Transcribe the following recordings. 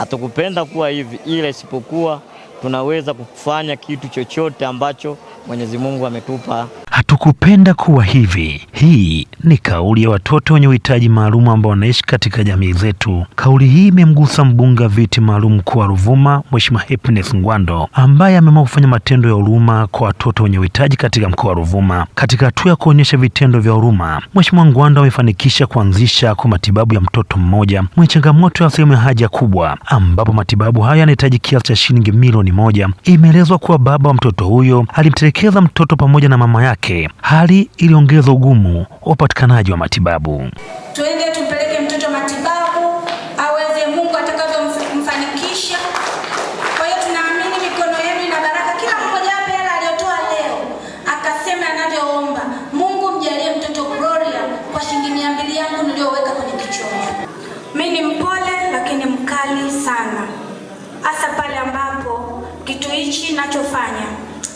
hatukupenda kuwa hivi, ila isipokuwa tunaweza kufanya kitu chochote ambacho Mwenyezi Mungu ametupa. Hatukupenda kuwa hivi. Hii ni kauli ya watoto wenye uhitaji maalum ambao wanaishi katika jamii zetu. Kauli hii imemgusa mbunge wa viti maalum mkoa wa Ruvuma, Mheshimiwa Happiness Ngwando, ambaye ameamua kufanya matendo ya huruma kwa watoto wenye uhitaji katika mkoa wa Ruvuma. Katika hatua ya kuonyesha vitendo vya huruma, Mheshimiwa Ngwando amefanikisha kuanzisha kwa matibabu ya mtoto mmoja mwenye changamoto ya sehemu ya haja kubwa, ambapo matibabu hayo yanahitaji kiasi cha shilingi milioni moja imeelezwa kuwa baba wa mtoto huyo alimtelekeza mtoto pamoja na mama yake, hali iliongeza ugumu wa upatikanaji wa matibabu. Tuende tumpeleke mtoto matibabu aweze, Mungu atakavyomfanikisha. Kwa hiyo tunaamini mikono yenu ina baraka, kila mmoja hapa hela aliyotoa leo akasema anavyoomba. Mungu mjalie mtoto Gloria kwa shilingi mia mbili yangu niliyoweka kwenye kichwa. Mimi ni mpole lakini mkali sana hasa pale ambapo kitu hichi nachofanya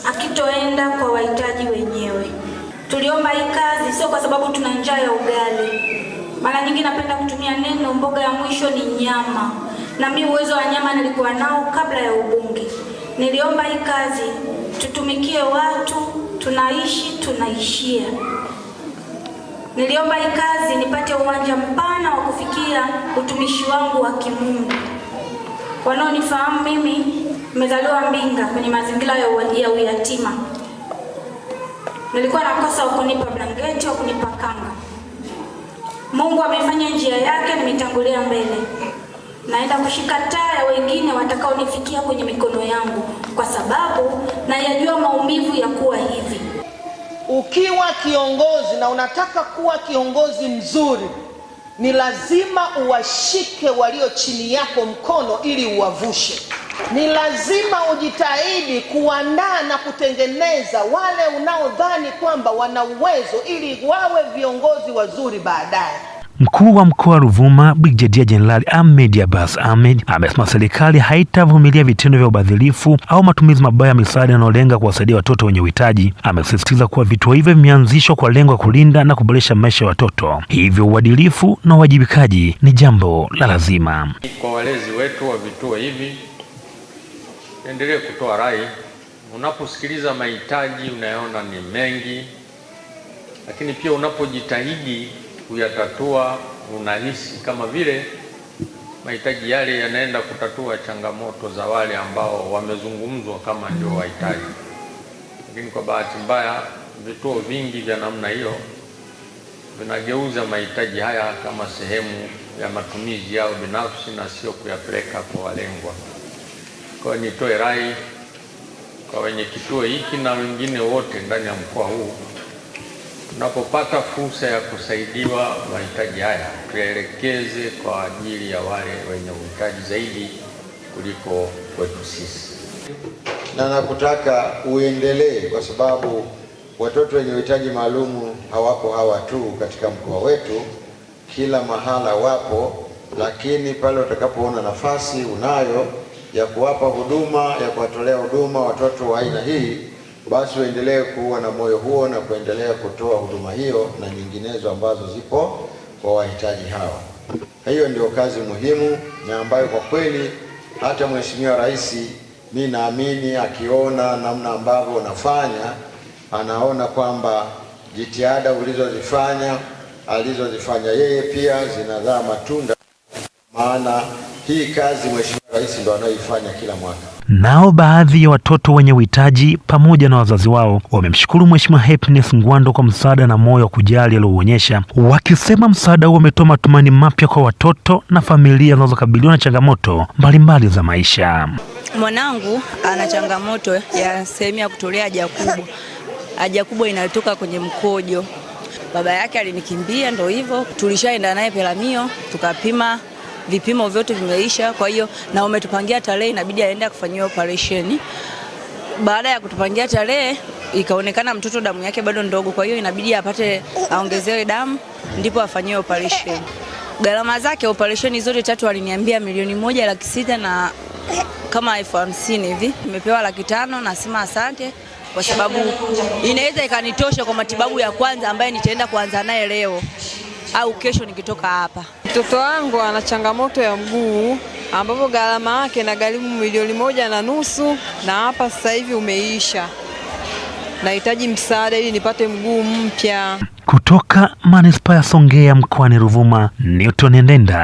akitoenda kwa wahitaji wenyewe. Tuliomba hii kazi sio kwa sababu tuna njaa ya ugali. Mara nyingi napenda kutumia neno mboga ya mwisho ni nyama, na mimi uwezo wa nyama nilikuwa nao kabla ya ubunge. Niliomba hii kazi tutumikie watu tunaishi tunaishia. Niliomba hii kazi nipate uwanja mpana wa kufikia utumishi wangu wa kimungu. Wanaonifahamu mimi, nimezaliwa Mbinga kwenye mazingira ya uyatima. Nilikuwa nakosa wakunipa blanketi, kunipa kanga. Mungu amefanya njia yake, nimetangulia mbele. Naenda kushika taa ya wengine watakaonifikia kwenye mikono yangu, kwa sababu nayajua maumivu ya kuwa hivi. Ukiwa kiongozi na unataka kuwa kiongozi mzuri ni lazima uwashike walio chini yako mkono ili uwavushe. Ni lazima ujitahidi kuandaa na kutengeneza wale unaodhani kwamba wana uwezo ili wawe viongozi wazuri baadaye. Mkuu wa mkoa wa Ruvuma Brigedia Jenerali Ahmed Abbas Ahmed amesema serikali haitavumilia vitendo vya ubadhirifu au matumizi mabaya ya misaada yanayolenga kuwasaidia watoto wenye uhitaji. Amesisitiza kuwa vituo hivyo vimeanzishwa kwa lengo la kulinda na kuboresha maisha ya watoto, hivyo uadilifu na uwajibikaji ni jambo la lazima. Kwa walezi wetu wa vituo hivi, endelee kutoa rai. Unaposikiliza mahitaji unayoona ni mengi, lakini pia unapojitahidi kuyatatua, unahisi kama vile mahitaji yale yanaenda kutatua changamoto za wale ambao wamezungumzwa kama ndio wahitaji. Lakini kwa bahati mbaya, vituo vingi vya namna hiyo vinageuza mahitaji haya kama sehemu ya matumizi yao binafsi na sio kuyapeleka kwa walengwa. Kwa hiyo nitoe rai kwa wenye kituo hiki na wengine wote ndani ya mkoa huu Tunapopata fursa ya kusaidiwa mahitaji haya tuyaelekeze kwa ajili ya wale wenye uhitaji zaidi kuliko kwetu sisi, na nakutaka uendelee kwa sababu watoto wenye uhitaji maalum hawako hawa tu katika mkoa wetu, kila mahala wapo, lakini pale utakapoona nafasi unayo ya kuwapa huduma ya kuwatolea huduma watoto wa aina hii basi uendelee kuwa na moyo huo na kuendelea kutoa huduma hiyo na nyinginezo ambazo zipo kwa wahitaji hawa. Hiyo ndio kazi muhimu na ambayo kwa kweli hata Mheshimiwa Rais mi naamini akiona namna ambavyo unafanya, anaona kwamba jitihada ulizozifanya alizozifanya yeye pia zinazaa matunda, maana hii kazi Mheshimiwa Rais ndo anayoifanya kila mwaka. Nao baadhi ya watoto wenye uhitaji pamoja na wazazi wao wamemshukuru Mheshimiwa Happiness Ngwando kwa msaada na moyo wa kujali aliouonyesha, wakisema msaada huo umetoa matumaini mapya kwa watoto na familia zinazokabiliwa na changamoto mbalimbali za maisha. Mwanangu ana changamoto ya sehemu ya kutolea haja kubwa. Haja kubwa inatoka kwenye mkojo. Baba yake alinikimbia, ndo hivyo tulishaenda naye Pelamio tukapima vipimo vyote vimeisha. Kwa hiyo na umetupangia tarehe, inabidi aende kufanyiwa operation. Baada ya kutupangia tarehe, ikaonekana mtoto damu yake bado ndogo, kwa hiyo inabidi apate aongezewe damu ndipo afanyiwe operation. Gharama zake operation zote tatu aliniambia milioni moja laki sita na kama elfu hamsini hivi. Nimepewa laki tano, nasema asante kwa sababu inaweza ikanitosha kwa matibabu ya kwanza ambaye nitaenda kuanza naye leo au kesho nikitoka hapa. Mtoto wangu ana changamoto ya mguu ambapo gharama yake na inagharimu milioni moja na nusu na hapa sasa hivi umeisha. Nahitaji msaada ili nipate mguu mpya. Kutoka manispaa ya Songea mkoani Ruvuma, Newton Ndenda.